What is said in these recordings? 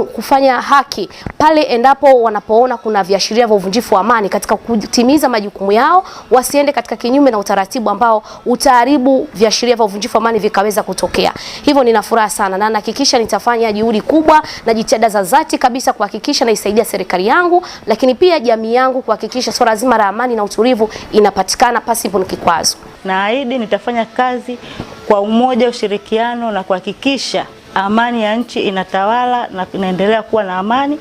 kufanya haki pale endapo wanapoona kuna viashiria vya uvunjifu wa amani katika kutimiza majukumu yao, wasiende katika kinyume na utaratibu ambao utaharibu viashiria vya uvunjifu wa amani vikaweza kutokea. Hivyo nina furaha sana na nahakikisha nitafanya juhudi kubwa na jitihada za dhati kabisa kuhakikisha naisaidia serikali yangu, lakini pia jamii yangu kuhakikisha swala zima la amani na utulivu inapatikana pasipo na kikwazo. Naahidi nitafanya kazi kwa umoja, ushirikiano na kuhakikisha amani ya nchi inatawala na inaendelea kuwa na amani.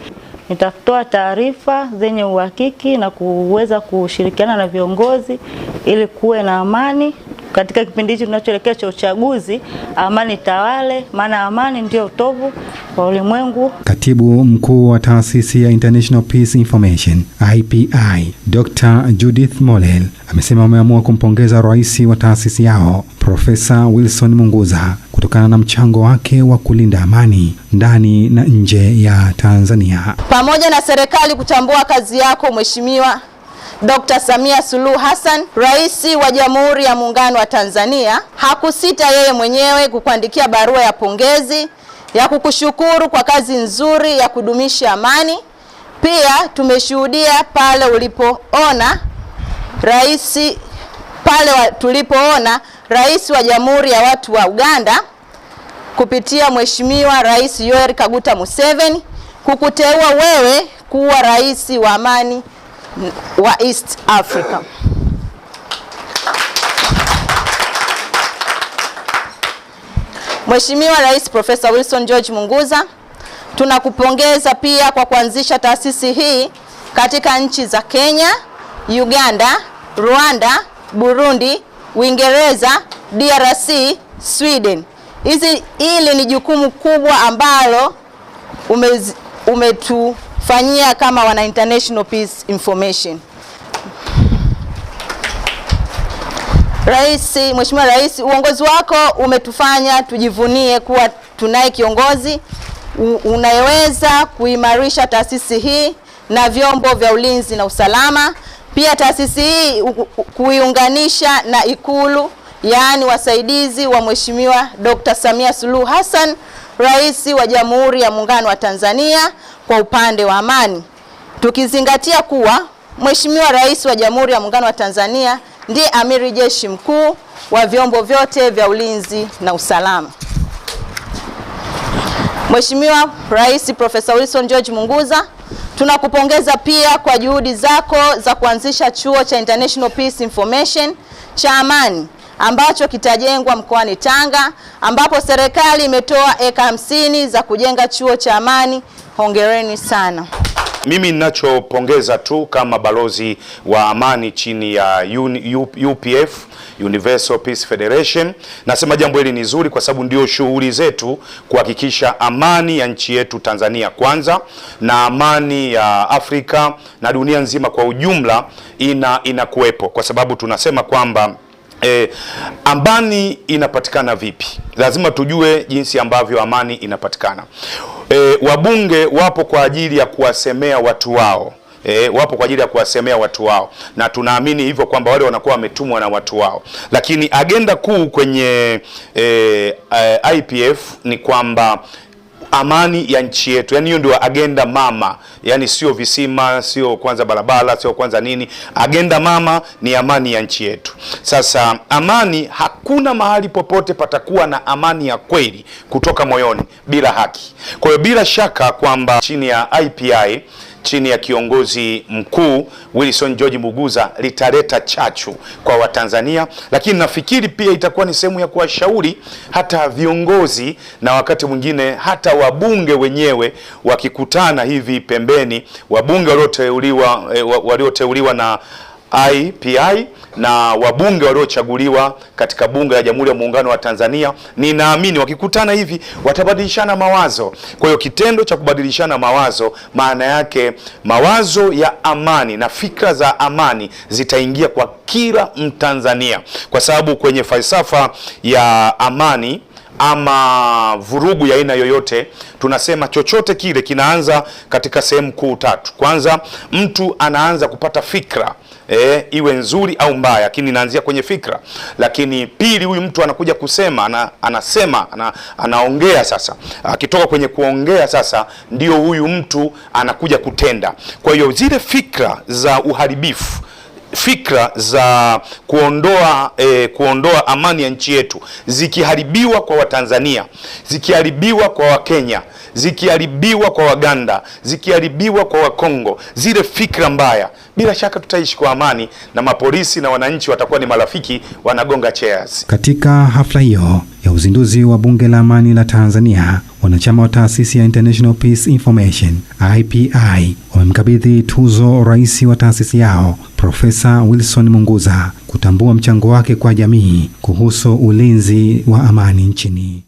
Nitatoa taarifa zenye uhakiki na kuweza kushirikiana na viongozi ili kuwe na amani katika kipindi hichi tunachoelekea cha uchaguzi, amani tawale, maana amani ndio utovu wa ulimwengu. Katibu mkuu wa taasisi ya International Peace Information IPI, Dr. Judith Molel amesema wameamua kumpongeza rais wa taasisi yao Profesa Wilson Munguza kutokana na mchango wake wa kulinda amani ndani na nje ya Tanzania. Pamoja na serikali kutambua kazi yako Mheshimiwa Dr. Samia Suluhu Hassan, Rais wa Jamhuri ya Muungano wa Tanzania, hakusita yeye mwenyewe kukuandikia barua ya pongezi ya kukushukuru kwa kazi nzuri ya kudumisha amani. Pia tumeshuhudia pale ulipoona rais pale tulipoona Rais wa Jamhuri ya Watu wa Uganda kupitia Mheshimiwa Rais Yoweri Kaguta Museveni kukuteua wewe kuwa rais wa amani wa East Africa. Mheshimiwa Rais Profesa Wilson George Munguza, tunakupongeza pia kwa kuanzisha taasisi hii katika nchi za Kenya, Uganda, Rwanda, Burundi, Uingereza, DRC, Sweden hizi, hili ni jukumu kubwa ambalo umetufanyia umetufanyia kama wana International Peace Information. Rais, Mheshimiwa Rais, uongozi wako umetufanya tujivunie kuwa tunaye kiongozi unayeweza kuimarisha taasisi hii na vyombo vya ulinzi na usalama, pia taasisi hii kuiunganisha na Ikulu yaani wasaidizi wa Mheshimiwa Dr. Samia Suluhu Hassan, Rais wa Jamhuri ya Muungano wa Tanzania kwa upande wa amani, tukizingatia kuwa Mheshimiwa Rais wa Jamhuri ya Muungano wa Tanzania ndiye amiri jeshi mkuu wa vyombo vyote vya ulinzi na usalama. Mheshimiwa Rais Profesa Wilson George Munguza, tunakupongeza pia kwa juhudi zako za kuanzisha chuo cha International Peace Information cha amani ambacho kitajengwa mkoani Tanga, ambapo serikali imetoa eka hamsini za kujenga chuo cha amani. Hongereni sana. Mimi ninachopongeza tu kama balozi wa amani chini ya UPF Universal Peace Federation, nasema jambo hili ni zuri kwa sababu ndio shughuli zetu kuhakikisha amani ya nchi yetu Tanzania kwanza na amani ya Afrika na dunia nzima kwa ujumla ina inakuwepo, kwa sababu tunasema kwamba E, amani inapatikana vipi? Lazima tujue jinsi ambavyo amani inapatikana. E, wabunge wapo kwa ajili ya kuwasemea watu wao. E, wapo kwa ajili ya kuwasemea watu wao na tunaamini hivyo kwamba wale wanakuwa wametumwa na watu wao, lakini agenda kuu kwenye e, IPF ni kwamba amani ya nchi yetu. Yani hiyo ndio agenda mama, yani sio visima, sio kwanza barabara, sio kwanza nini. Agenda mama ni amani ya nchi yetu. Sasa amani, hakuna mahali popote patakuwa na amani ya kweli kutoka moyoni bila haki. Kwa hiyo bila shaka kwamba chini ya IPI chini ya kiongozi mkuu Wilson George Muguza litaleta chachu kwa Watanzania, lakini nafikiri pia itakuwa ni sehemu ya kuwashauri hata viongozi na wakati mwingine hata wabunge wenyewe wakikutana hivi pembeni, wabunge walioteuliwa eh, walioteuliwa na IPI na wabunge waliochaguliwa katika bunge la Jamhuri ya Muungano wa Tanzania, ninaamini wakikutana hivi watabadilishana mawazo. Kwa hiyo kitendo cha kubadilishana mawazo, maana yake mawazo ya amani na fikra za amani zitaingia kwa kila Mtanzania, kwa sababu kwenye falsafa ya amani ama vurugu ya aina yoyote, tunasema chochote kile kinaanza katika sehemu kuu tatu. Kwanza, mtu anaanza kupata fikra E, iwe nzuri au mbaya, lakini inaanzia kwenye fikra. Lakini pili, huyu mtu anakuja kusema ana, anasema ana, anaongea sasa. Akitoka kwenye kuongea sasa, ndio huyu mtu anakuja kutenda. Kwa hiyo zile fikra za uharibifu fikra za kuondoa e, kuondoa amani ya nchi yetu zikiharibiwa kwa Watanzania, zikiharibiwa kwa Wakenya, zikiharibiwa kwa Waganda, zikiharibiwa kwa Wakongo, zile fikra mbaya, bila shaka tutaishi kwa amani na mapolisi na wananchi watakuwa ni marafiki, wanagonga chairs. Katika hafla hiyo ya uzinduzi wa Bunge la Amani la Tanzania, wanachama wa taasisi ya International Peace Information IPI wamemkabidhi tuzo rais wa taasisi yao Profesa Wilson Munguza kutambua mchango wake kwa jamii kuhusu ulinzi wa amani nchini.